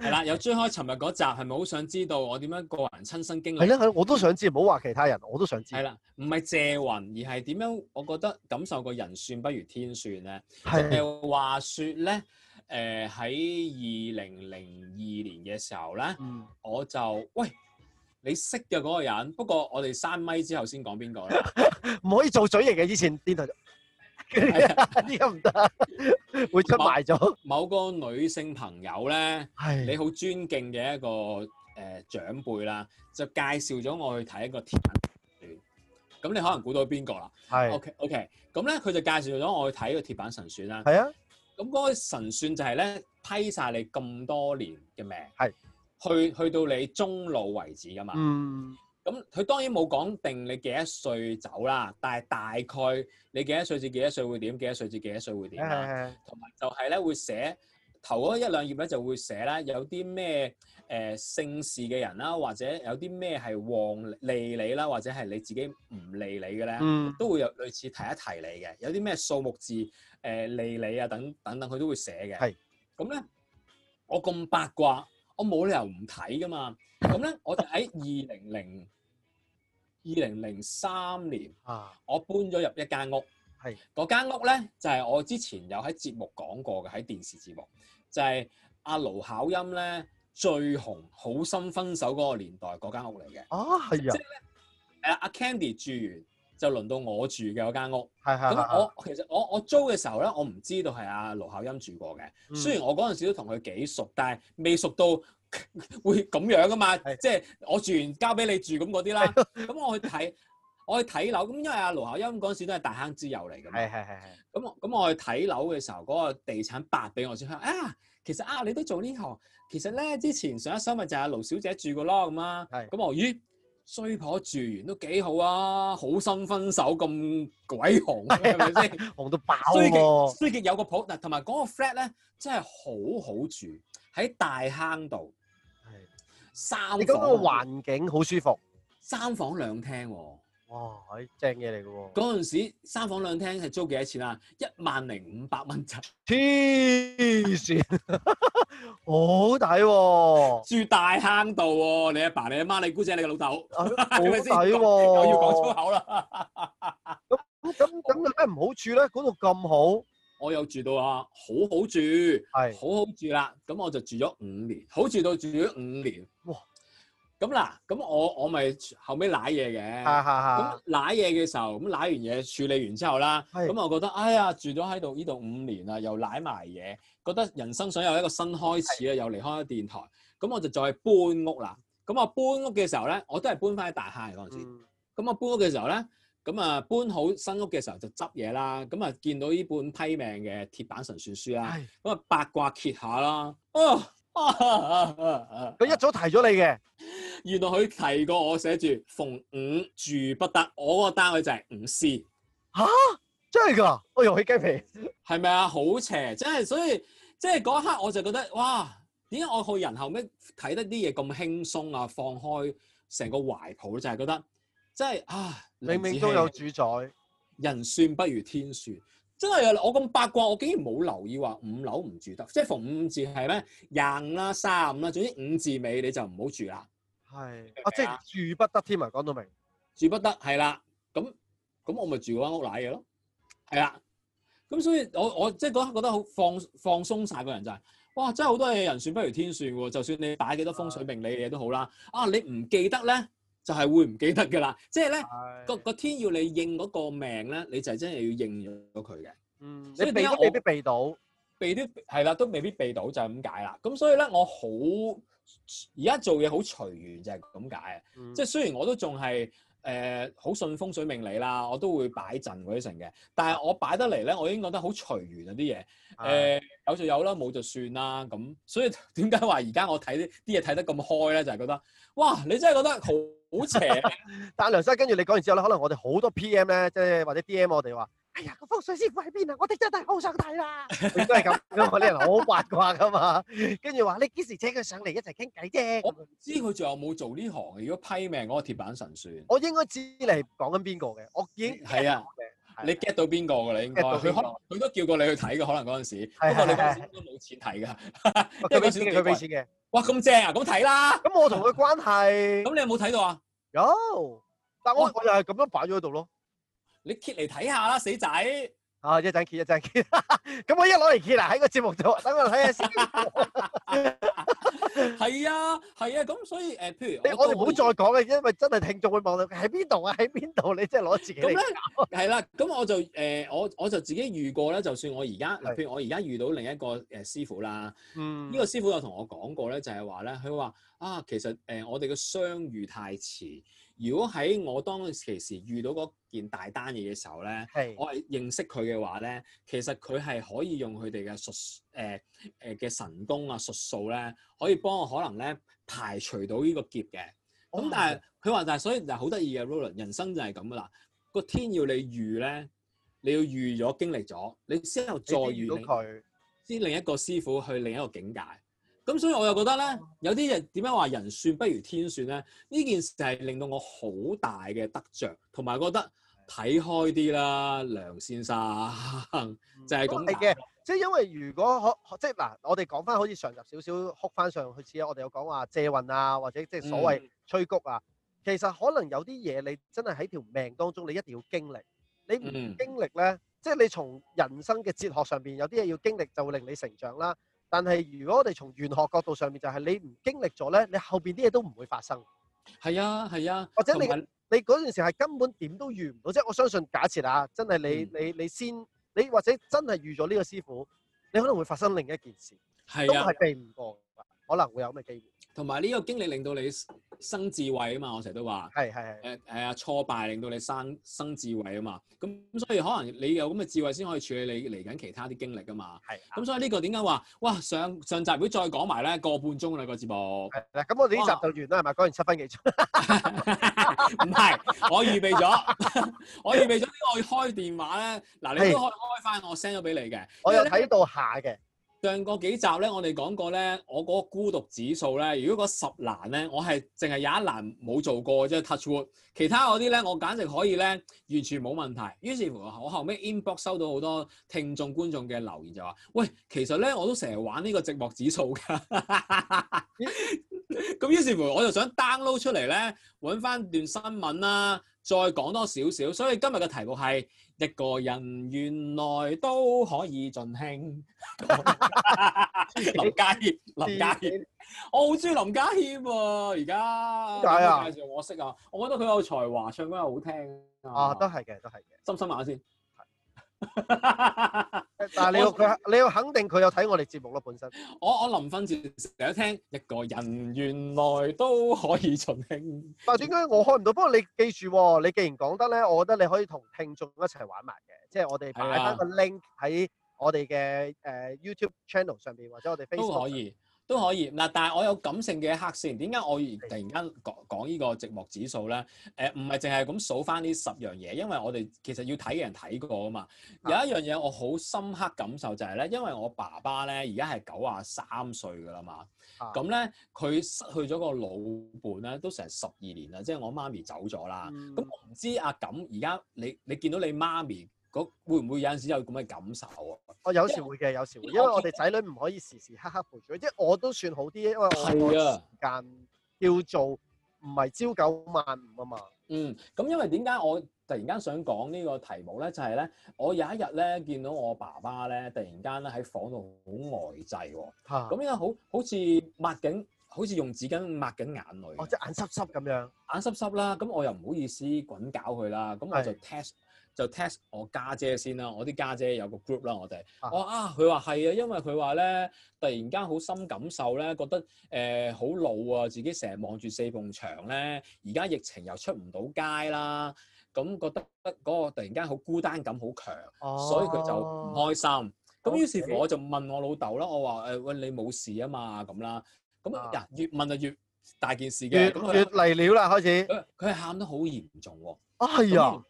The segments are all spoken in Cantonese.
係啦，有追開尋日嗰集，係咪好想知道我點樣個人親身經歷？係啦，係我都想知，唔好話其他人，我都想知。係啦，唔係借云，而係點樣？我覺得感受個人算不如天算咧。係誒的，話說咧，誒喺二零零二年嘅時候咧，嗯，我就喂你識嘅嗰個人，不過我哋閂咪之後先講邊個啦，唔 可以做嘴型嘅，以前邊度？呢個唔得， 會出賣咗。某個女性朋友咧，的你好尊敬嘅一個誒、呃、長輩啦，就介紹咗我去睇一個鐵板神算。咁你可能估到邊個啦？係的。OK OK，咁咧佢就介紹咗我去睇個鐵板神算啦。係啊的。咁嗰個神算就係咧批晒你咁多年嘅命，係的去去到你終老為止噶嘛。嗯。咁佢當然冇講定你幾多歲走啦，但係大概你幾多歲至幾多歲會點，幾多歲至幾多歲會點啦。同埋 就係咧會寫頭嗰一兩頁咧就會寫咧有啲咩誒姓氏嘅人啦，或者有啲咩係旺利你啦，或者係你自己唔利你嘅咧，嗯、都會有類似提一提你嘅。有啲咩數目字誒、呃、利你啊等等等，佢都會寫嘅。係咁咧，我咁八卦，我冇理由唔睇㗎嘛。咁咧我就喺二零零。二零零三年啊，我搬咗入一間屋，係嗰間屋咧就係我之前有喺節目講過嘅，喺電視節目就係阿盧巧音咧最紅好心分手嗰個年代嗰間屋嚟嘅啊，係啊，即係咧誒阿 Candy 住完就輪到我住嘅嗰間屋。係，係咁我其實我我租嘅時候咧，我唔知道係阿盧巧音住過嘅，嗯，雖然我嗰陣時都同佢幾熟，但係未熟到。 會咁樣噶嘛？即係是的 我住完交俾你住咁嗰啲啦。咁是的 我去睇， 我去睇樓。咁因為阿盧巧音嗰時都係大坑之友嚟嘅嘛。係係係係。咁我咁我去睇樓嘅時候，嗰、那個地產白俾我先。啊，其實啊，你都做呢行。其實咧，之前上一手咪就阿盧小姐住噶咯咁啊。係是的。咁我咦衰婆住完都幾好啊，好心分手咁鬼紅，係咪先？的紅到爆！衰極有個譜嗱，同埋嗰個 flat 咧真係好好住喺大坑度。三，你嗰個環境好舒服。三房兩廳喎，哇，哎、正嘢嚟嘅喎。嗰陣時三房兩廳係租幾多錢啊？一萬零五百蚊啫。黐線， 好抵喎、哦。 住大坑度喎、哦，你阿爸，爸、你阿媽、你姑姐、你個老豆！點解先？我、哦、 要講粗口啦。咁咁咁有咩唔好處咧？嗰度咁好。 我又住到啊，好好住，係好是好住啦。咁我就住咗五年，好住到住咗五年。哇！咁嗱，咁我我咪後尾舐嘢嘅，咁舐嘢嘅時候，咁舐完嘢處理完之後啦，咁是我覺得哎呀，住咗喺度呢度五年啦，又舐埋嘢，覺得人生想有一個新開始啦，是又離開咗電台，咁我就再搬屋啦。咁我搬屋嘅時候咧，我都係搬翻喺大廈嗰陣時。咁、嗯、我搬屋嘅時候咧。咁啊，搬好新屋嘅時候就執嘢啦。咁啊，見到呢本批命嘅鐵板神算書啦。咁啊唉，八卦揭下啦。啊佢、啊啊啊、一早提咗你嘅，原來佢提過我寫，寫住逢五住不得我嗰個單位就係五 C。吓、啊？真係㗎？我又起雞皮。係咪啊？好邪！真係所以，即係嗰一刻我就覺得，哇！點解我個人後尾睇得啲嘢咁輕鬆啊，放開成個懷抱，就係、是、覺得。即係啊，冥冥中有主宰。人算不如天算，真係啊！我咁八卦，我竟然冇留意話五樓唔住得，即係逢五字係咩廿五啦、卅五啦，總之五字尾你就唔好住啦。係啊，即係住不得添啊！講到明，住不得係啦。咁咁我咪住嗰間屋奶嘅咯。係啊。咁所以我我即係嗰刻覺得好放放鬆晒個人就係，哇！真係好多嘢，人算不如天算喎。就算你擺幾多風水命理嘅嘢都好啦。啊，你唔記得咧？就係會唔記得嘅啦，即係咧個個天要你應嗰個命咧，你就係真係要應咗佢嘅。嗯，所以你未必未必避到，避都係啦，都未必避到就，就係咁解啦。咁所以咧，我好而家做嘢好隨緣就係咁解啊。即係、嗯、雖然我都仲係。誒好、呃、順風水命理啦，我都會擺陣嗰啲成嘅，但係我擺得嚟咧，我已經覺得好隨緣啊啲嘢，誒、呃、有就有啦，冇就算啦咁。所以點解話而家我睇啲啲嘢睇得咁開咧？就係、是、覺得，哇！你真係覺得好邪。 但梁生跟住你講完之後咧，可能我哋好多 PM 咧，即係或者 DM 我哋話。哎呀，個風水師傅喺邊啊！我哋真係好想睇啦。都係咁，我哋人好八卦噶嘛。跟住話你幾時請佢上嚟一齊傾偈啫？我唔知佢仲有冇做呢行？如果批命嗰個鐵板神算，我應該知你講緊邊個嘅。我已經係啊，你 get 到邊個噶？你應該佢可能佢都叫過你去睇嘅，可能嗰陣時咁啊，你當時都冇錢睇噶，佢畀錢嘅，佢畀錢嘅。哇，咁正啊，咁睇啦。咁我同佢關係咁，你有冇睇到啊？有，但我我又係咁樣擺咗喺度咯。你揭嚟睇下啦，死仔！啊，一陣揭，一陣揭。咁我一攞嚟揭啦，喺個節目度，等我睇下先。係啊，係啊，咁所以誒，譬如我哋唔好再講嘅，因為真係聽眾會望到，喺邊度啊？喺邊度？你真係攞自己嚟搞。係啦，咁我就誒，我我就自己遇過咧。就算我而家嗱，譬如我而家遇到另一個誒師傅啦，嗯，呢個師傅有同我講過咧，就係話咧，佢話啊，其實誒，我哋嘅相遇太遲。如果喺我當其時遇到嗰件大單嘢嘅時候咧，的我係認識佢嘅話咧，其實佢係可以用佢哋嘅術誒誒嘅神功啊術數咧，可以幫我可能咧排除到呢個劫嘅。咁、哦、但係佢話，但係所以就好得意嘅，Roland，人生就係咁啦。個天要你遇咧，你要遇咗經歷咗，你先有再遇。見到佢啲另一個師傅去另一個境界。咁所以我又覺得咧，有啲嘢點樣話人算不如天算咧？呢件事就係令到我好大嘅得着，同埋覺得睇的開啲啦，梁先生 就係咁講。係嘅，即係因為如果可即係嗱，我哋講翻好似上集少，少少，哭翻上去。似我哋有講話借運啊，或者即係所謂催谷啊，嗯、其實可能有啲嘢你真係喺條命當中，你一定要經歷。你唔經歷咧，嗯、即係你從人生嘅哲學上邊有啲嘢要經歷，就會令你成長啦。但係，如果我哋從玄學角度上面，就係你唔經歷咗咧，你後邊啲嘢都唔會發生。係啊，係啊，或者你有你嗰段時間係根本點都遇唔到，即、就、係、是、我相信假設啊，真係、嗯、你你你先你或者真係遇咗呢個師傅，你可能會發生另一件事，都係避唔過、啊、可能會有咩機會。同埋呢個經歷令到你生智慧啊嘛，我成日都話，係係係，誒係啊，挫敗令到你生生智慧啊嘛，咁咁所以可能你有咁嘅智慧先可以處理你嚟緊其他啲經歷㗎嘛，係、啊，咁所以呢個點解話，哇上上集會再講埋咧個半鐘啦、嗰個節目，係咁、啊、我哋呢集就完啦，係咪講完七分幾鐘？唔 係， 我預備咗，我預備咗，我要開電話咧，嗱是你都開開翻，我 send 咗俾你嘅，我有睇到下嘅因為。上個幾集咧，我哋講過咧，我嗰個孤獨指數咧，如果嗰十難咧，我係淨係有一難冇做過，即係 touch wood。其他嗰啲咧，我簡直可以咧，完全冇問題。於是乎，我後尾 inbox 收到好多聽眾觀眾嘅留言，就話：喂，其實咧，我都成日玩呢個寂寞指數㗎。咁 於是乎，我就想 download 出嚟咧，揾翻段新聞啦、啊，再講多少少。所以今日嘅題目係。一個人原來都可以盡興。 林家謙， 林家謙，我好中意林家謙喎。而家點解啊？啊，介紹我識啊！我覺得佢有才華，唱歌又好聽啊。都係嘅，都係嘅。深深問下先。 但係你要佢我，你要肯定佢有睇我哋節目咯。本身我我臨瞓前成日聽一個人原來都可以盡興。但係點解我開唔到？不過你記住，你既然講得咧，我覺得你可以同聽眾一齊玩埋嘅，即係我哋擺翻個 link 喺我哋嘅誒 YouTube channel 上邊，或者我哋 Facebook 上面都可以。都可以嗱，但係我有感性嘅一刻先。點解我突然間講講呢個寂寞指數咧？誒、呃，唔係淨係咁數翻呢十樣嘢，因為我哋其實要睇嘅人睇過啊嘛。的有一樣嘢我好深刻感受就係、是、咧，因為我爸爸咧而家係九啊三歲噶啦嘛。咁咧佢失去咗個老伴咧，都成十二年啦，即、就、係、是、我媽咪走咗啦。咁我唔知阿錦而家你你見到你媽咪？會唔會有陣時有咁嘅感受啊？我有時會嘅，有時會，因為我哋仔女唔可以時時刻刻陪住佢，即係我都算好啲，因為我安排時間要做，唔係朝九晚五啊嘛。嗯，咁因為點解我突然間想講呢個題目咧，就係咧，我有一日咧見到我爸爸咧，突然間咧喺房度好呆滯喎，咁樣好好似抹緊，好似用紙巾抹緊眼淚，即係眼濕濕咁樣，眼濕濕啦。咁我又唔好意思滾搞佢啦，咁我就 test。就 test 我家姐先啦，我啲家姐有個 group 啦，我哋，哇啊，佢話係啊，因為佢話咧，突然間好深感受咧，覺得誒好老啊，自己成日望住四埲牆咧，而家疫情又出唔到街啦，咁覺得嗰個突然間好孤單感好強，所以佢就唔開心。咁於是乎我就問我老豆啦，我話誒喂，你冇事啊嘛？咁啦，咁呀越問啊越大件事嘅，越嚟料啦開始，佢係喊得好嚴重喎，啊係啊。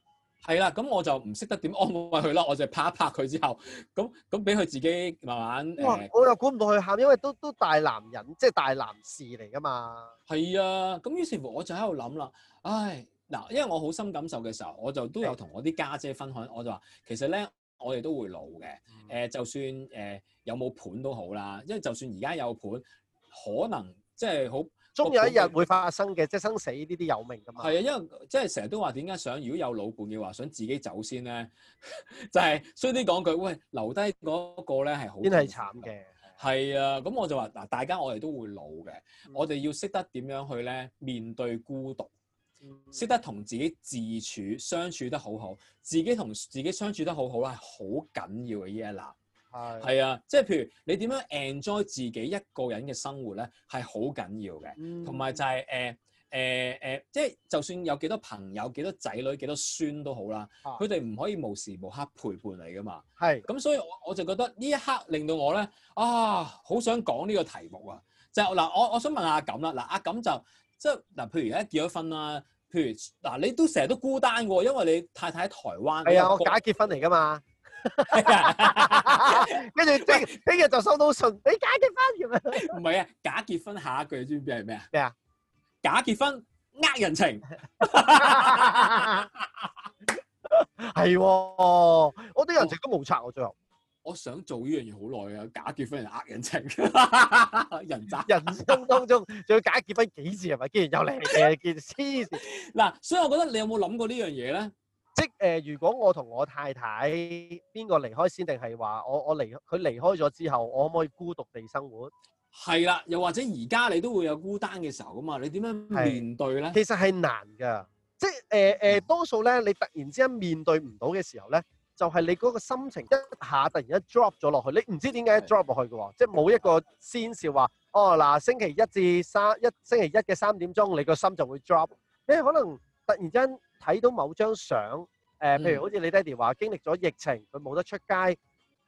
係啦，咁我就唔識得點安慰佢咯，我就拍一拍佢之後，咁咁俾佢自己慢慢。我又估唔到佢喊，因為都都大男人，即係大男士嚟噶嘛。係啊，咁於是乎我就喺度諗啦，唉嗱，因為我好深感受嘅時候，我就都有同我啲家姐分享，係嘅。我就話其實咧，我哋都會老嘅，誒就算誒有冇盤都好啦，因為就算而家有盤，可能即係好。終有一日會發生嘅，即係生死呢啲有命噶嘛。係啊，因為即係成日都話點解想如果有老伴嘅話，想自己走先咧， 就係衰啲講句，喂，留低嗰個咧係好。真係慘嘅。係啊，咁我就話嗱，大家我哋都會老嘅，嗯、我哋要識得點樣去咧面對孤獨，識得同自己自處相處得好好，自己同自己相處得好好咧係好緊要嘅呢一粒。係啊，即係譬如你點樣 enjoy 自己一個人嘅生活咧，係好緊要嘅，同埋就係誒誒誒，即、呃、係、呃呃、就算有幾多朋友、幾多仔女、幾多孫都好啦，佢哋唔可以無時無刻陪伴你噶嘛。係咁的，所以我我就覺得呢一刻令到我咧啊，好想講呢個題目啊，就嗱我我想問下阿錦啦，嗱、啊、阿錦就即係嗱，譬如而家、啊、結咗婚啦，譬如嗱、啊、你都成日都孤單嘅喎，因為你太太喺台灣。係啊的，哎、呦我假結婚嚟噶嘛。跟住，聽聽日就收到信，你假結婚咁啊？唔係啊，假結婚下一句知唔知係咩啊？咩啊？假結婚呃人，人情，係我啲人情都冇拆，我最後我想做呢樣嘢好耐啊，假結婚呃人情，人渣。人生當中仲要假結婚幾次係咪？竟然又嚟嘅，見黐線。嗱，所以我覺得你有冇諗過呢樣嘢咧？即係誒，如果我同我太太邊個離開先，定係話我我離佢離開咗之後，我可唔可以孤獨地生活？係啦，又或者而家你都會有孤單嘅時候㗎嘛，你點樣面對咧？其實係難㗎，即係誒誒，多數咧，你突然之間面對唔到嘅時候咧，就係你嗰個心情一下突然間 drop 咗落去，你唔知點解一 drop 落去嘅喎，即係冇一個先兆話，哦嗱，星期一至三一星期一嘅三點鐘，你個心就會 drop，誒可能。突然之間睇到某張相，誒、呃，譬如好似你爹哋話，經歷咗疫情，佢冇得出街，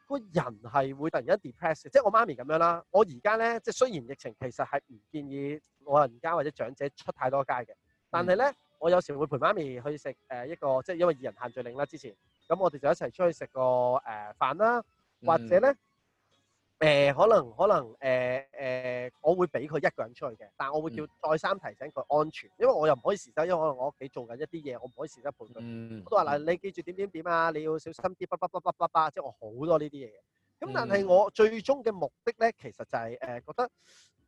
個人係會突然間 d e p r e s s e 即係我媽咪咁樣啦。我而家咧，即係雖然疫情其實係唔建議老人家或者長者出太多街嘅，但係咧，我有時會陪媽咪去食誒、呃、一個，即係因為二人限聚令啦之前，咁我哋就一齊出去食個誒、呃、飯啦，或者咧。嗯誒、呃，可能可能誒誒、呃呃，我會俾佢一個人出去嘅，但我會叫再三提醒佢安全、嗯，因，因為我又唔可以時走，因為可能我屋企做緊一啲嘢，我唔可以時得陪佢。我都話嗱，嗯、你記住點點點啊，你要小心啲，卜卜卜卜卜即係我好多呢啲嘢。咁但係我最終嘅目的咧，其實就係、是、誒，覺、呃、得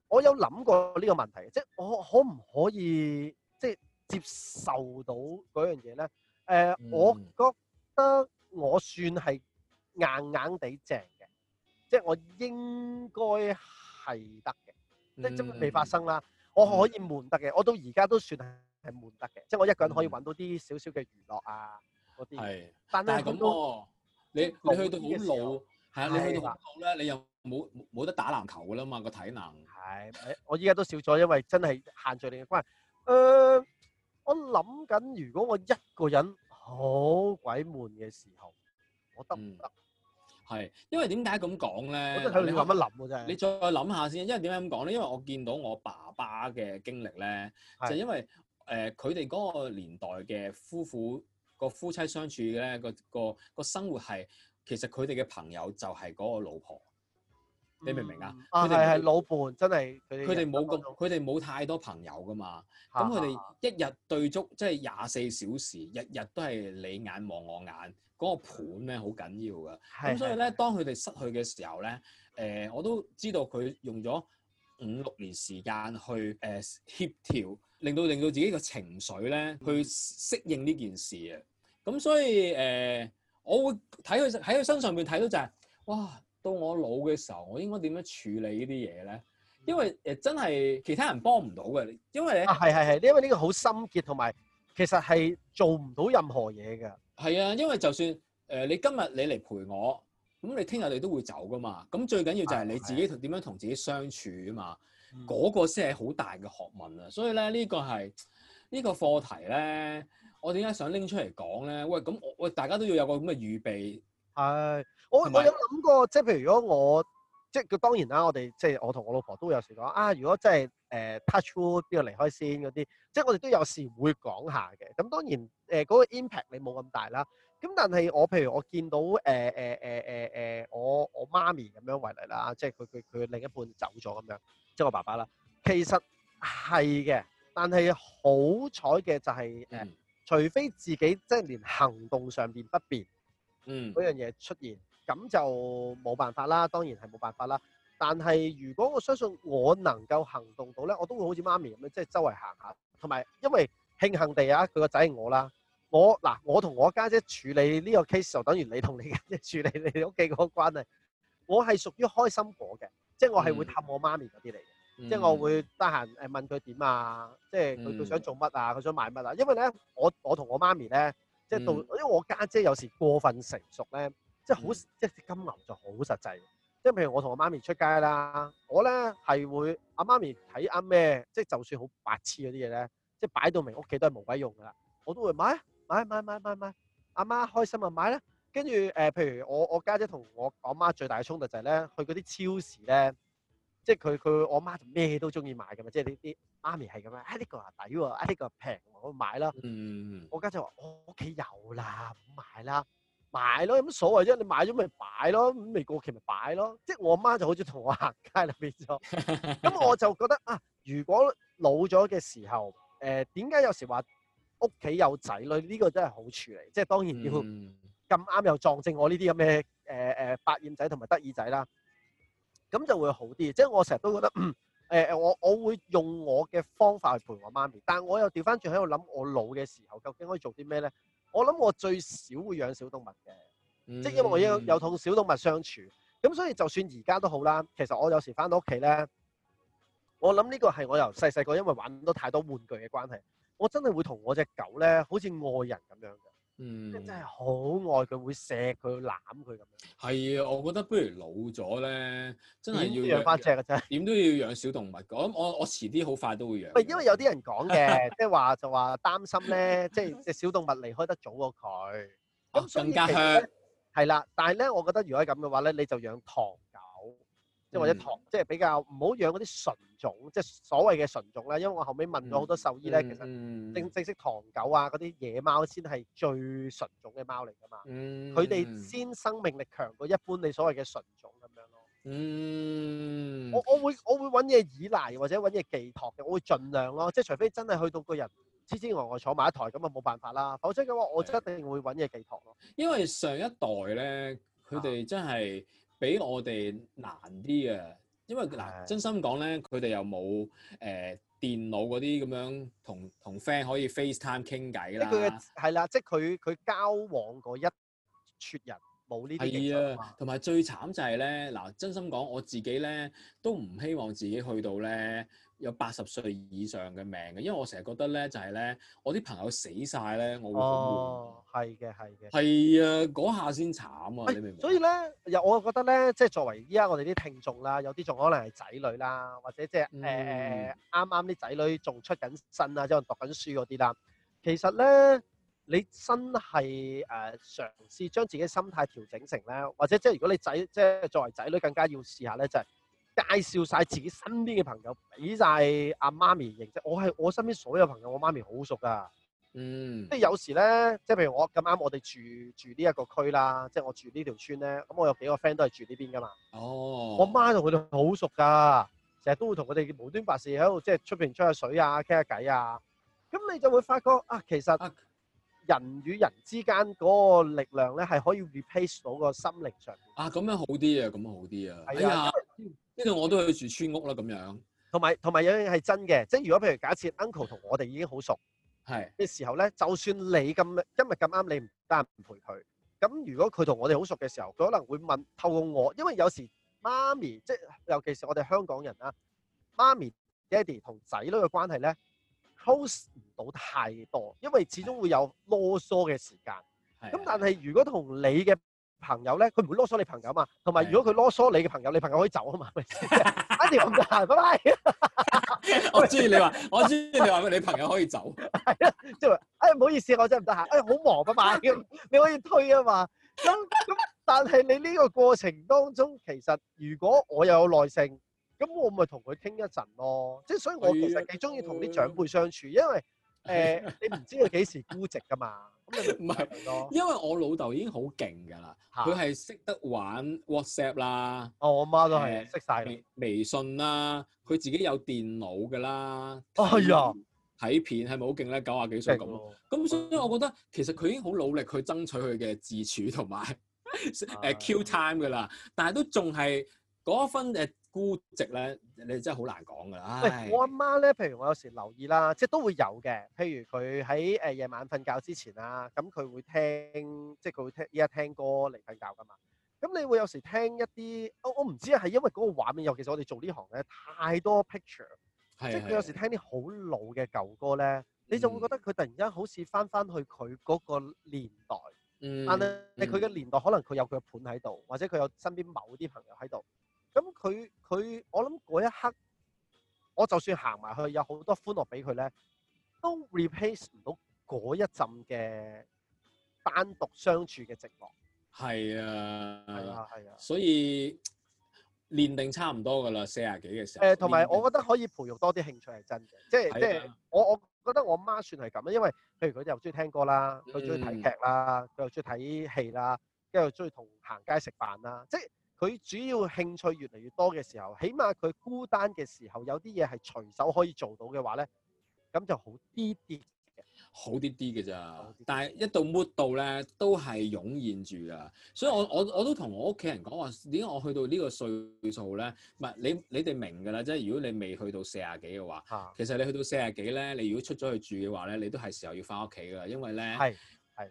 我有諗過呢個問題，即係我可唔可以即係接受到嗰樣嘢咧？誒、呃嗯嗯呃，我覺得我算係硬硬地正。即係我應該係得嘅，即係真未發生啦。我可以悶得嘅，我到而家都算係悶得嘅。即係我一個人可以揾到啲少少嘅娛樂啊，嗰啲。係，但係咁都你你去到好老係啊，你去到老咧，你又冇冇冇得打籃球㗎啦嘛，個體能。係，我依家都少咗，因為真係限住你嘅關係。誒，我諗緊，如果我一個人好鬼悶嘅時候，我得唔得？係，因為點解咁講咧？啊、你話乜諗嘅啫？你再諗下先，因為點解咁講咧？因為我見到我爸爸嘅經歷咧，的就因為誒佢哋嗰個年代嘅夫婦，個夫妻相處咧，個個，個生活係其實佢哋嘅朋友就係嗰個老婆。你明唔明、嗯、啊？佢哋係老伴，真係佢哋冇咁，佢哋冇太多朋友噶嘛，咁佢哋一日對足即係廿四小時，日日、啊、都係你眼望我眼，嗰、那個盤咧好緊要噶。咁、啊、所以咧，是是是當佢哋失去嘅時候咧，誒、呃、我都知道佢用咗五六年時間去誒、呃、協調，令到令到自己個情緒咧去適應呢件事啊。咁所以誒、呃，我會睇佢喺佢身上面睇到就係、是、哇～到我老嘅時候，我應該點樣處理呢啲嘢咧？因為誒真係其他人幫唔到嘅，因為咧，係係係，因為呢個好心結，同埋其實係做唔到任何嘢嘅。係啊，因為就算誒、呃、你今日你嚟陪我，咁你聽日你都會走噶嘛。咁最緊要就係你自己點樣同自己相處啊嘛。嗰、啊、個先係好大嘅學問啊！所以咧，呢、這個係呢、這個課題咧，我點解想拎出嚟講咧？喂，咁我喂大家都要有個咁嘅預備係。我我有諗過，即係譬如如果我即係佢當然啦，我哋即係我同我老婆都有時講啊，如果真係誒、呃、touchwood 邊個離開先嗰啲，即係我哋都有時會講下嘅。咁當然誒嗰、呃那個 impact 你冇咁大啦。咁但係我譬如我見到誒誒誒誒誒我我媽咪咁樣為例啦，即係佢佢佢另一半走咗咁樣，即、就、係、是、我爸爸啦。其實係嘅，但係好彩嘅就係、是、誒，嗯、除非自己即係連行動上面不便嗰、嗯、樣嘢出現。咁就冇辦法啦，當然係冇辦法啦。但係如果我相信我能夠行動到咧，我都會好似媽咪咁樣，即係周圍行下。同埋因為慶幸地啊，佢個仔係我啦。我嗱，我同我家姐，姐處理呢個 case 就等於你同你家姐，姐處理你哋屋企嗰個關係。我係屬於開心果嘅，即係我係會氹我媽咪嗰啲嚟嘅，即係、嗯、我會得閒誒問佢點啊，嗯、即係佢佢想做乜啊，佢想買乜啊。因為咧，我我同我媽咪咧，即係到、嗯、因為我家姐，姐有時過分成熟咧。即係好，一啲、嗯、金牛座好實際我我媽媽媽媽。即係譬如我同我媽咪出街啦，我咧係會阿媽咪睇啱咩，即係就算好白痴嗰啲嘢咧，即係擺到明屋企都係冇鬼用噶啦，我都會買，買買買買買。阿媽,媽開心啊買啦，跟住誒譬如我我家姐同我我媽最大嘅衝突就係、是、咧，去嗰啲超市咧，即係佢佢我媽就咩都中意買噶嘛，即係呢啲媽咪係咁樣，啊呢、呢個抵喎，啊呢、呢個平，我買啦。嗯我,姐姐、哦、我家姐話我屋企有啦，唔買啦。買咯，有乜所謂啫？你買咗咪擺咯，咁未過期咪擺咯。即係我阿媽就好似同我行街啦，變咗。咁我就覺得啊，如果老咗嘅時候，誒點解有時話屋企有仔女呢個真係好處理？即係當然要咁啱又撞正我呢啲咁嘅誒誒百厭仔同埋得意仔啦，咁就會好啲。即係我成日都覺得誒誒、嗯呃，我我會用我嘅方法嚟陪我媽咪，但係我又調翻轉喺度諗，我老嘅時候究竟可以做啲咩咧？我諗我最少會養小動物嘅，即係因為我有有同小動物相處，咁所以就算而家都好啦。其實我有時翻到屋企咧，我諗呢個係我由細細個因為玩到太多玩具嘅關係，我真係會同我隻狗咧好似愛人咁樣嘅。嗯，真係好愛佢，會錫佢攬佢咁樣。係啊，我覺得不如老咗咧，真係要養翻隻啊！真係點都要養小動物。咁我我遲啲好快都會養。唔係，因為有啲人講嘅，即係話就話擔心咧，即係隻小動物離開得早過佢。更加香。係啦，但係咧，我覺得如果係咁嘅話咧，你就養糖。即係或者唐，即係比較唔好養嗰啲純種，即係所謂嘅純種咧。因為我後尾問咗好多獸醫咧，其實正正式唐狗啊，嗰啲野貓先係最純種嘅貓嚟㗎嘛。佢哋先生命力強過一般你所謂嘅純種咁樣咯。嗯，我我會我會揾嘢依賴或者揾嘢寄託嘅，我會盡量咯。即係除非真係去到個人痴痴呆呆坐埋一台咁啊，冇辦法啦。否則嘅話，我一定會揾嘢寄託咯。因為上一代咧，佢哋真係。俾我哋難啲啊，因為嗱，真心講咧，佢哋又冇誒、呃、電腦啲咁樣，同同 friend 可以 FaceTime 傾偈啦。即係佢係啦，即係佢佢交往嗰一撮人。冇呢啲嘢啊！同埋最慘就係咧，嗱，真心講我自己咧，都唔希望自己去到咧有八十歲以上嘅命嘅，因為我成日覺得咧，就係咧，我啲朋友死晒咧，我會好悶。哦，係嘅，係嘅。係啊，嗰下先慘啊！哎，你明唔明？所以咧，又我覺得咧，即係作為依家我哋啲聽眾啦，有啲仲可能係仔女啦，或者即係誒啱啱啲仔女仲出緊身啊，即係讀緊書嗰啲啦，其實咧～你真係誒、呃、嘗試將自己嘅心態調整成咧，或者即係如果你仔即係作為仔女更加要試下咧，就係、是、介紹晒自己身邊嘅朋友俾晒阿媽咪認識。我係我身邊所有朋友，我媽咪好熟噶。嗯，即係有時咧，即係譬如我咁啱我哋住住呢一個區啦，即係我住呢條村咧，咁我有幾個 friend 都係住呢邊噶嘛。哦，我媽同佢哋好熟噶，成日都會同佢哋無端白事喺度，即係出邊吹下水啊，傾下偈啊。咁你就會發覺啊，其實、啊、～人與人之間嗰個力量咧，係可以 replace 到個心靈上邊。啊，咁樣好啲啊，咁啊好啲啊。係啊，呢度我都去住村屋啦，咁樣。同埋同埋有樣嘢係真嘅，即係如果譬如假設 uncle 同我哋已經好熟，係嘅的時候咧，就算你咁今日咁啱，你唔得閒唔陪佢，咁如果佢同我哋好熟嘅時候，佢可能會問透過我，因為有時媽咪即係尤其是我哋香港人啦，媽咪爹 a 同仔女嘅關係咧。o s 溝唔到太多，因為始終會有囉嗦嘅時間。咁是的 但係如果同你嘅朋友咧，佢唔會囉嗦你朋友啊嘛。同埋如果佢囉嗦你嘅朋友，你朋友可以走啊嘛。跟住咁就係，拜拜。 我中意你話，我中意你話你朋友可以走。係 啊！即係誒唔好意思，我真係唔得閒。誒、哎、好忙啊嘛，咁你可以推啊嘛。咁 咁、嗯、但係你呢個過程當中，其實如果我又有耐性。咁我咪同佢傾一陣咯，即係所以我其實幾中意同啲長輩相處，因為誒、呃、你唔知佢幾時孤寂噶嘛，唔係， 因為我老豆已經好勁噶啦，佢係識得玩 WhatsApp 啦，哦，我媽都係識晒微微信啦，佢自己有電腦噶啦，係啊，睇、哦、呀片係咪好勁咧？九廿幾歲咁，咁所以我覺得其實佢已經好努力去爭取佢嘅自處同埋誒 Q time 噶啦，但係都仲係嗰分誒。孤寂咧，你真係好難講㗎啦。喂，我阿媽咧，譬如我有時留意啦，即係都會有嘅。譬如佢喺誒夜晚瞓覺之前啊，咁佢會聽，即係佢會聽依家聽歌嚟瞓覺㗎嘛。咁你會有時聽一啲，哦，我我唔知係因為嗰個畫面。尤其是我哋做呢行咧，太多 picture，係係即係佢有時聽啲好老嘅舊歌咧，你就會覺得佢突然間好似返返去佢嗰個年代。嗯。但係佢嘅年代可能佢有佢嘅盤喺度，或者佢有身邊某啲朋友喺度。咁佢佢我諗嗰一刻，我就算行埋去有好多歡樂俾佢咧，都 replace 唔到嗰一陣嘅單獨相處嘅寂寞。係啊，係啊，係啊。所以年齡差唔多噶啦，四廿幾嘅時候。誒、呃，同埋我覺得可以培育多啲興趣係真嘅，即係即係我我覺得我媽算係咁啦，因為譬如佢又中意聽歌啦，佢中意睇劇啦，佢、嗯、又中意睇戲啦，又又跟住又中意同行街食飯啦，即、就、係、是。佢主要興趣越嚟越多嘅時候，起碼佢孤單嘅時候有啲嘢係隨手可以做到嘅話咧，咁就低低好啲啲，嘅。好啲啲嘅咋。但係一度到末度咧，都係湧現住噶。所以我我我都同我屋企人講話，點解我去到呢個歲數咧？唔係你你哋明㗎啦，即係如果你未去到四十幾嘅話，的其實你去到四十幾咧，你如果出咗去住嘅話咧，你都係時候要翻屋企㗎啦，因為咧。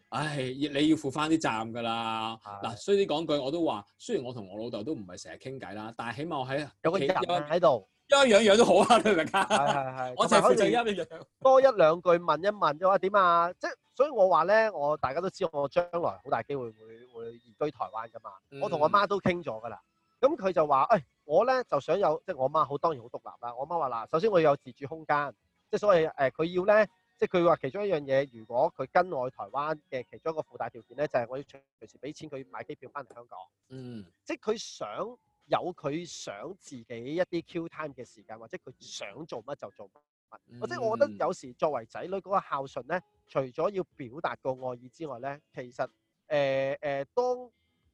唉，你要付翻啲站噶啦。嗱，所以講句，我都話，雖然我同我老豆都唔係成日傾偈啦，但係起碼我喺有個人喺度，一樣樣都好啊，大家。係係係，我淨係負責多一兩句問一問啫嘛。點啊？即係所以我話咧，我大家都知，我將來好大機會會會移居台灣噶嘛。我同我媽都傾咗噶啦。咁佢就話：誒，我咧就想有，即係我媽好，當然好獨立啦。我媽話嗱，首先我要有自主空間，即係所謂誒，佢要咧。即係佢話其中一樣嘢，如果佢跟我去台灣嘅其中一個附帶條件咧，就係、是、我要隨時俾錢佢買機票翻嚟香港。嗯，即係佢想有佢想自己一啲 Q time 嘅時間，或者佢想做乜就做乜。或者、嗯、我覺得有時作為仔女嗰個孝順咧，除咗要表達個愛意之外咧，其實誒誒、呃呃，當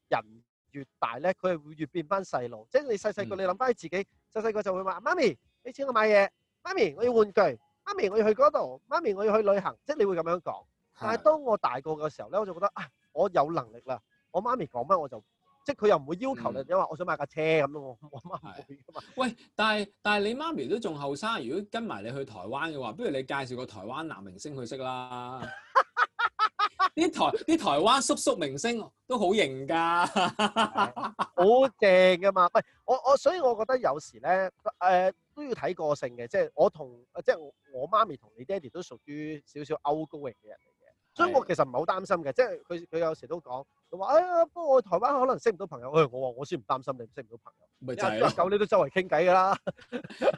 人越大咧，佢係會越變翻細路。即係你細細個你諗翻起自己細細個就會話：媽咪俾錢我買嘢，媽咪，我要玩具。媽咪，我要去嗰度。媽咪，我要去旅行，即係你會咁樣講。但係當我大個嘅時候咧，我就覺得啊，我有能力啦。我媽咪講咩我就，即係佢又唔會要求你，因為我想買架車咁咯。我媽係咁啊。喂，但係但係你媽咪都仲後生。如果跟埋你去台灣嘅話，不如你介紹個台灣男明星去識啦。啲台啲台灣叔叔明星都好型㗎，好正㗎嘛。喂我我，所以我覺得有時咧誒。都要睇個性嘅，即係我同即係我媽咪同你爹哋都屬於少少歐高型嘅人嚟嘅，的所以我其實唔係好擔心嘅，即係佢佢有時都講，佢話誒不過我台灣可能識唔到朋友，哎、我話我先唔擔心你唔識唔到朋友，咪就係咯，夠你都周圍傾偈㗎啦。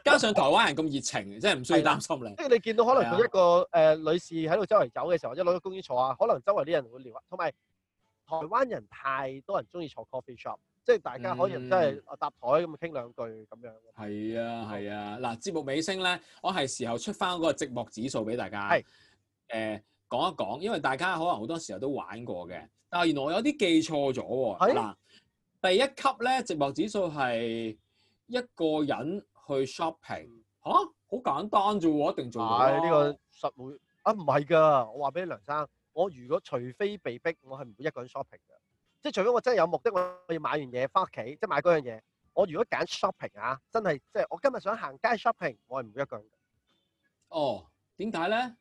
加上台灣人咁熱情，即係唔需要擔心你。即係你見到可能佢一個誒的、呃、女士喺度周圍走嘅時候，或者攞個公園坐啊，可能周圍啲人會聊，同埋台灣人太多人鍾意坐 coffee shop。即係大家可以真係搭台咁傾兩句咁樣。係啊，係啊。嗱，節目尾聲咧，我係時候出翻嗰個寂寞指數俾大家。係。誒講一講，因為大家可能好多時候都玩過嘅，但係原來我有啲記錯咗喎。係。嗱，第一級咧，寂寞指數係一個人去 shopping。嚇，好簡單啫喎，一定做到。係呢個實會。啊唔係㗎，我話俾你梁生，我如果除非被逼，我係唔會一個人 shopping 㗎。即係除非我真係有目的，我我要買完嘢翻屋企，即係買嗰樣嘢。我如果揀 shopping 啊，真係即係我今日想行街 shopping，我係唔會一個人。哦，點解咧？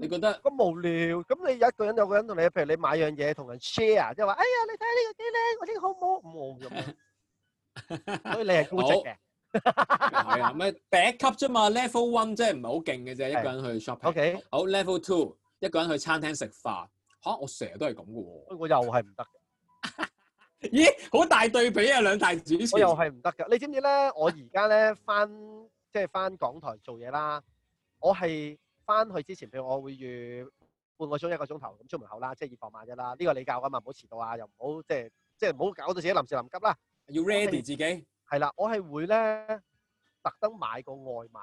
你覺得咁無聊？咁你有一個人有個人同你，譬如你買樣嘢同人 share，即係話：哎呀，你睇下呢個幾靚，我呢個好唔好？無聊。所以你係高職嘅。係啊，咩？第一級啫嘛，level one 即係唔係好勁嘅啫，一個人去 shopping。OK，好 level two，一個人去餐廳食飯。嚇！我成日都係咁嘅喎，我又係唔得嘅。咦！好大對比啊，兩大主持人。我又係唔得嘅。你知唔知咧？我而家咧返即係返港台做嘢啦。我係返去之前，譬如我會預半個鐘一個鐘頭咁出門口啦，即係以防萬一啦。呢個你教嘅嘛，唔好遲到啊，又唔好即係即係唔好搞到自己臨時臨急啦。要 ready 自己。係啦，我係會咧特登買個外賣，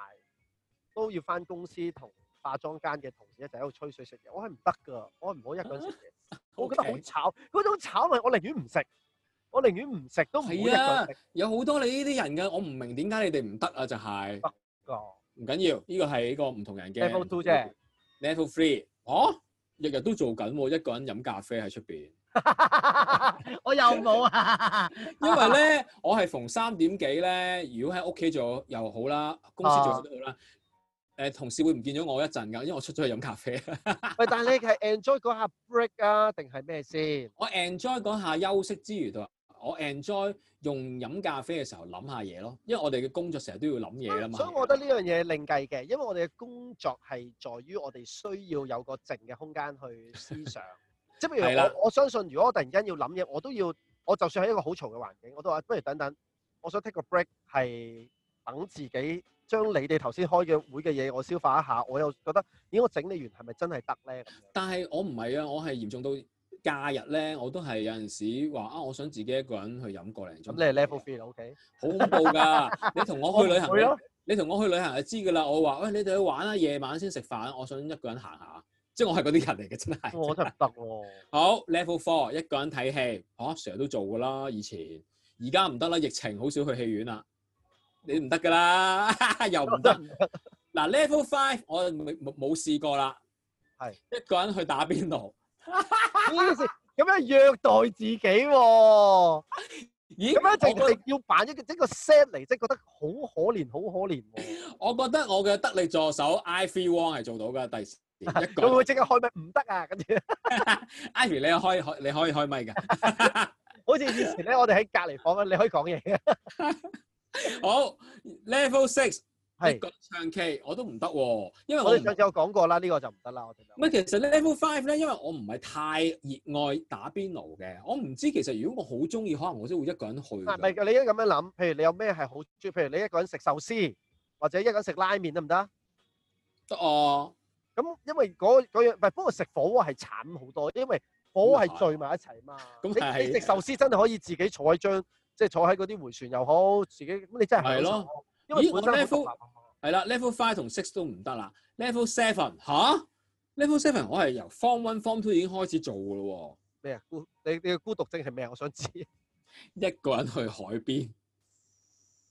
都要返公司同。化妝間嘅同事咧就喺度吹水食嘢，我係唔得噶，我唔好一個人食嘢，我覺得好吵，嗰種吵咪我寧願唔食，我寧願唔食都係啊，有好多你呢啲人噶，我唔明點解你哋唔得啊，就係，唔緊要，依個係一個唔同人嘅。Level two 啫，level three，嚇，日日都做緊，一個人飲咖啡喺出邊，我又冇啊，因為咧我係逢三點幾咧，如果喺屋企做又好啦，公司做都好啦。誒同事會唔見咗我一陣㗎，因為我出咗去飲咖啡。喂，但係你係 enjoy 嗰下 break 啊，定係咩先？我 enjoy 嗰下休息之餘，我 enjoy 用飲咖啡嘅時候諗下嘢咯，因為我哋嘅工作成日都要諗嘢啊嘛。所以，我覺得呢樣嘢另計嘅，因為我哋嘅工作係在於我哋需要有個靜嘅空間去思想。即係譬如我我相信，如果我突然間要諗嘢，我都要我就算喺一個好嘈嘅環境，我都話不如等等，我想 take 個 break，係等自己。將你哋頭先開嘅會嘅嘢，我消化一下，我又覺得，咦？我整理完係咪真係得咧？但係我唔係啊，我係嚴重到假日咧，我都係有陣時話啊，我想自己一個人去飲個零鐘，okay？你係 level three 啦，OK？好恐怖㗎！ 你同我， 我去旅行，你同我去旅行就知㗎啦。我話喂，你哋去玩啊，夜晚先食飯。我想一個人行下，即係我係嗰啲人嚟嘅，真係、哦。我真係唔得喎。好 level four，一個人睇戲，我成日都做㗎啦，以前常常。而家唔得啦，疫情好少，少去戲院啦。你唔得噶啦，又唔得。嗱，level five 我冇冇冇試過啦。係是一個人去打邊爐，咁樣虐待自己喎，啊。咁咦樣我哋要扮一個整個 sad 嚟，即係覺得好可憐，好可憐，啊。我覺得我嘅得力助手 Ivy 汪係做到噶，第一個。佢 會，會即刻開咪唔得啊？跟 住 Ivy，你開開，你可以開咪㗎。 好似以前咧，我哋喺隔離房咧，你可以講嘢啊。 好，Level Six 係講唱 K，我都唔得喎，因為我哋上次有講過啦，呢個就唔得啦。我哋咪其實 Level Five 咧，因為我唔係太熱愛打邊爐嘅，我唔知其實如果我好中意，可能我先會一個人去。唔係唔係，你應該咁樣諗，譬如你有咩係好中意，譬如你一個人食壽司，或者一個人食拉麵得唔得？得哦，咁因為嗰嗰樣，唔係不過食火鍋係慘好多，因為火鍋係聚埋一齊嘛。咁但係你食壽司真係可以自己坐喺張。即係坐喺嗰啲回旋又好，自己咁你真係係咯。的因為我 level 係啦，level five 同 six 都唔得啦。level seven 吓 level seven 我係由 form one form two 已經開始做嘅咯。咩啊？你你嘅孤獨症係咩啊？我想知一個人去海邊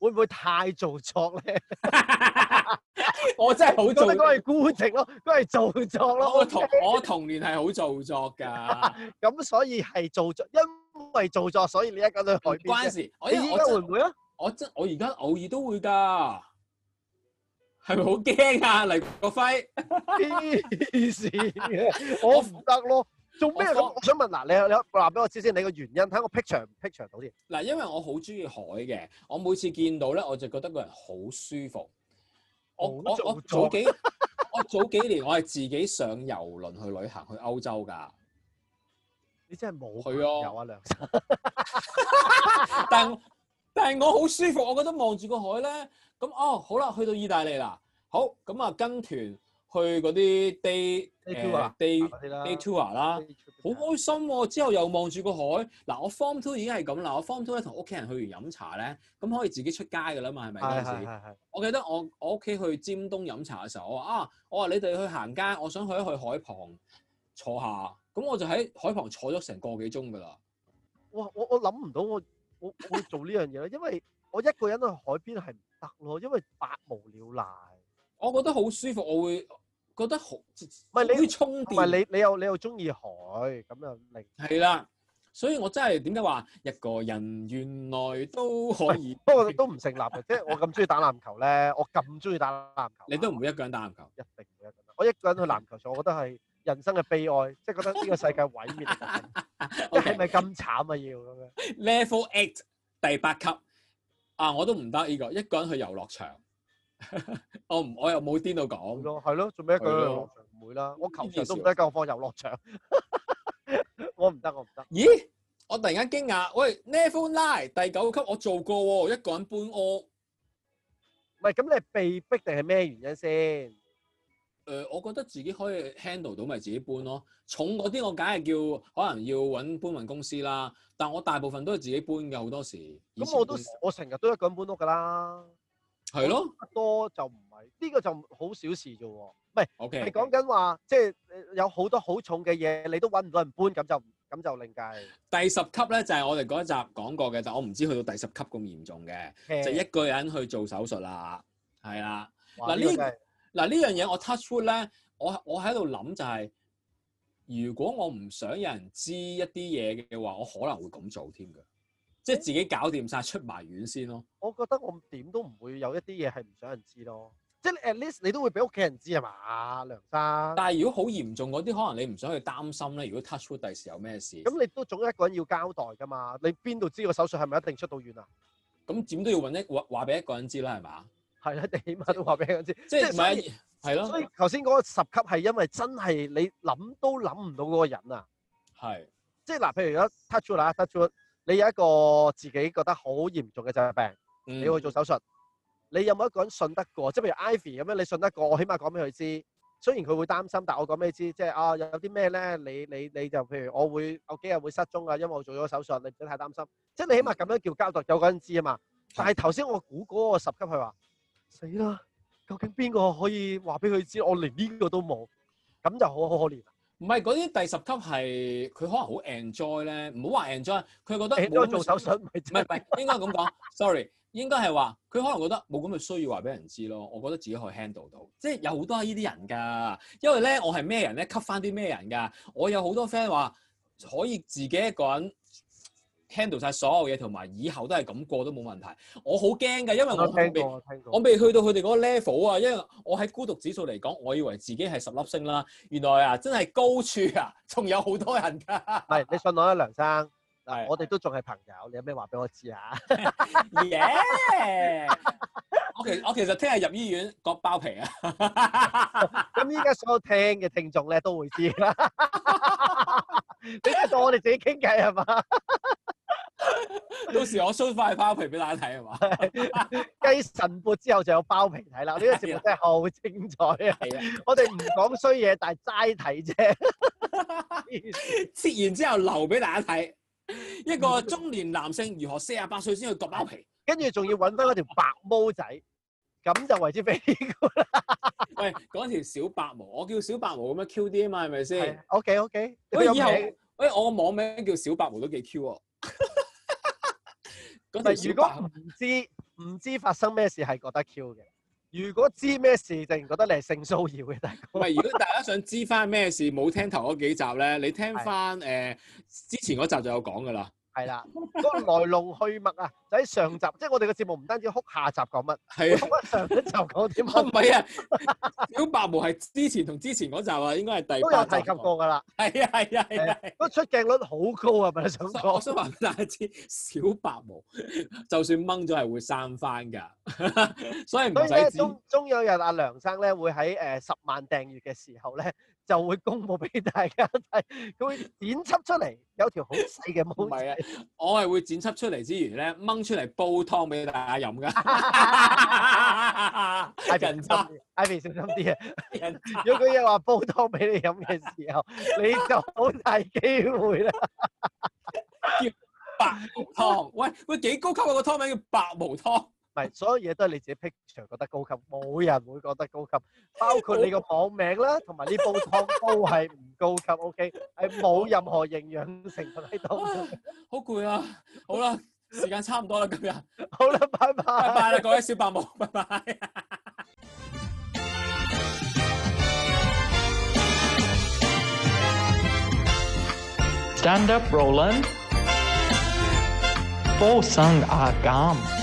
會唔會太做作咧？ 我真係好多都係孤寂咯，都係做作咯。我同 Okay? 我童年係好做作㗎，咁 所以係做作因。為做作，所以你一講到海，唔關事。我而家會唔會啊？我真，我而家偶爾都會噶，係咪好驚啊？嚟個飛黐線嘅，我唔得咯。做咩？我想問嗱，你你話俾我知先，你個原因，睇我 picture 唔 picture 到先！嗱，因為我好中意海嘅，我每次見到咧，我就覺得個人好舒服。我我我早幾我早幾年我係自己上遊輪去旅行去歐洲噶。你真係冇，去啊，有啊，梁生。 但但係我好舒服，我覺得望住個海咧，咁哦，好啦，去到意大利啦，好咁啊，跟團去嗰啲 day day tour 啦，好開心喎、啊！之後又望住個海，嗱，我 form two 已經係咁啦，我 form two 咧同屋企人去完飲茶咧，咁可以自己出街㗎啦嘛，係咪嗰陣時？哎、呀我記得我我屋企去尖東飲茶嘅時候，我話啊，我話你哋去行街，我想去一去海旁坐下。咁、嗯、我就喺海旁坐咗成個幾鐘㗎啦。我我我諗唔到我我我會做呢樣嘢咧，因為我一個人去海邊係唔得咯，因為百無聊賴。我覺得好舒服，我會覺得好，唔係別、啊、你要充電。唔係你你又你又中意海，咁樣嚟。係啦。所以我真係點解話一個人原來都可以。不過都唔成立嘅，即係我咁中意打籃球咧，我咁中意打籃球，你都唔會一個人打籃球。一定唔會一個人打。我一個人去籃球場，我覺得係。人生嘅悲哀，即係 覺得呢個世界毀滅，係咪咁慘啊？要、okay. level eight 第八級啊，我都唔得呢個，一個人去遊樂場， 我唔我又冇癲到講，係咯，做咩一個人去遊樂場？唔的會啦，我球員都唔得夠放遊樂場， 我唔得，我唔得。咦？我突然間驚訝，喂，level nine 第九級我做過喎，一個人搬屋，唔係咁，你被逼定係咩原因先？誒，我覺得自己可以 handle 到，咪自己搬咯。重嗰啲我梗係叫，可能要揾搬運公司啦。但我大部分都係自己搬嘅，好多時。咁我都我成日都一個人搬屋㗎啦。係咯，多就唔係，呢個就好小事啫。唔係，OK，你講緊話，即係有好多好重嘅嘢，你都揾唔到人搬，咁就咁就另計。第十級咧就係我哋嗰一集講過嘅，但係我唔知去到第十級咁嚴重嘅，就一個人去做手術啦。係啦，話呢？嗱呢樣嘢我 touch wood 咧，我我喺度諗就係、是，如果我唔想有人知一啲嘢嘅話，我可能會咁做添㗎，即係自己搞掂晒出埋院先咯。我覺得我點都唔會有一啲嘢係唔想人知咯，即係 at least 你都會俾屋企人知係嘛，梁生。但係如果好嚴重嗰啲，可能你唔想去擔心咧。如果 touch wood 第時有咩事，咁你都總一個人要交代㗎嘛？你邊度知個手術係咪一定出到院啊？咁點、嗯、都要揾一話話俾一個人知啦，係嘛？係啦，你起碼都話俾佢知，即係唔係？係咯，所以頭先嗰個十級係因為真係你諗都諗唔到嗰個人啊。係，即係嗱，譬如如果 touch wood 啦，touch wood，你有一個自己覺得好嚴重嘅疾病，你會做手術，你有冇一個人信得過？即係譬如 Ivy 咁樣，你信得過？我起碼講俾佢知，雖然佢會擔心，但係我講俾佢知，即係啊，有啲咩咧？你你你就譬如我會我幾日會失蹤啊，因為我做咗手術，你唔使太擔心。即係你起碼咁樣叫交代有個人知啊嘛。但係頭先我估嗰個十級係話。死啦！究竟邊個可以話俾佢知？我連呢個都冇，咁就好可可憐。唔係嗰啲第十級係佢可能好 enjoy 咧，唔好話 enjoy，佢覺得應該做手術唔係唔係，應該咁講。 Sorry，應該係話佢可能覺得冇咁嘅需要話俾人知咯。我覺得自己可以 handle 到，即係有好多係呢啲人噶。因為咧，我係咩人咧？吸翻啲咩人噶？我有好多 friend 話可以自己一個人。handle 曬所有嘢，同埋以後都係咁過都冇問題。我好驚㗎，因為我未，我未去到佢哋嗰個 level 啊。因為我喺孤獨指數嚟講，我以為自己係十粒星啦。原來啊，真係高處啊，仲有好多人㗎。係，你信我啦，梁生。係的我哋都仲係朋友，你有咩話俾我知啊？yeah。我其我其實聽日入醫院割包皮啊。咁依家所有聽嘅聽眾咧都會知啦。 你當我哋自己傾偈係嘛？到時我 show 塊包皮俾大家睇係嘛？雞神勃之後就有包皮睇啦！呢個視頻真係好精彩啊！係啊 我哋唔講衰嘢， 但係齋睇啫。切完之後留俾大家睇一個中年男性如何四十八歲先去割包皮，跟住仲要揾翻嗰條白毛仔，咁 就為之悲。喂，講條小白毛，我叫小白毛咁樣 Q 啲啊嘛，係咪先？OK OK。喂，以後，喂，我個網名叫小白毛都幾 Q 啊！如果唔知唔知發生咩事係覺得 Q 嘅；如果知咩事，定覺得你係性騷擾嘅。唔係，如果大家想知翻咩事，冇 聽頭嗰幾集咧，你聽翻誒是的、呃、之前嗰集就有講㗎啦。係啦，個來龍去脈啊，就喺上集，即係我哋嘅節目唔單止哭下集講乜，係啊，上集講點啊？唔係啊，小白毛係之前同之前嗰集啊，應該係第八集都有提及過噶啦。係啊，係啊，係啊，嗰出鏡率好高啊，咪想講？我想話俾大家知小白毛就算掹咗係會生翻㗎， 所以唔使。所以終有日阿、啊、梁生咧，會喺誒十萬訂閱嘅時候咧。就會公布俾大家睇，佢會剪輯出嚟有條好細嘅毛。唔係啊，我係會剪輯出嚟之餘咧，掹出嚟煲湯俾大家飲㗎。小 人差 Ivy 小心啲啊！I、人差 如果佢又話煲湯俾你飲嘅時候，你就好大機會啦。叫白毛湯，喂喂，幾高級啊！個湯名叫白毛湯。唔係，所有嘢都係你自己 picture 覺得高級，冇人會覺得高級。包括你個網名啦，同埋呢煲湯都係唔高級。OK，係冇任何營養成分喺度。好攰啊！好啦，時間差唔多啦，今日好啦，拜拜。拜拜啦，各位小白帽，拜拜。Stand up, Roland. For some are gone.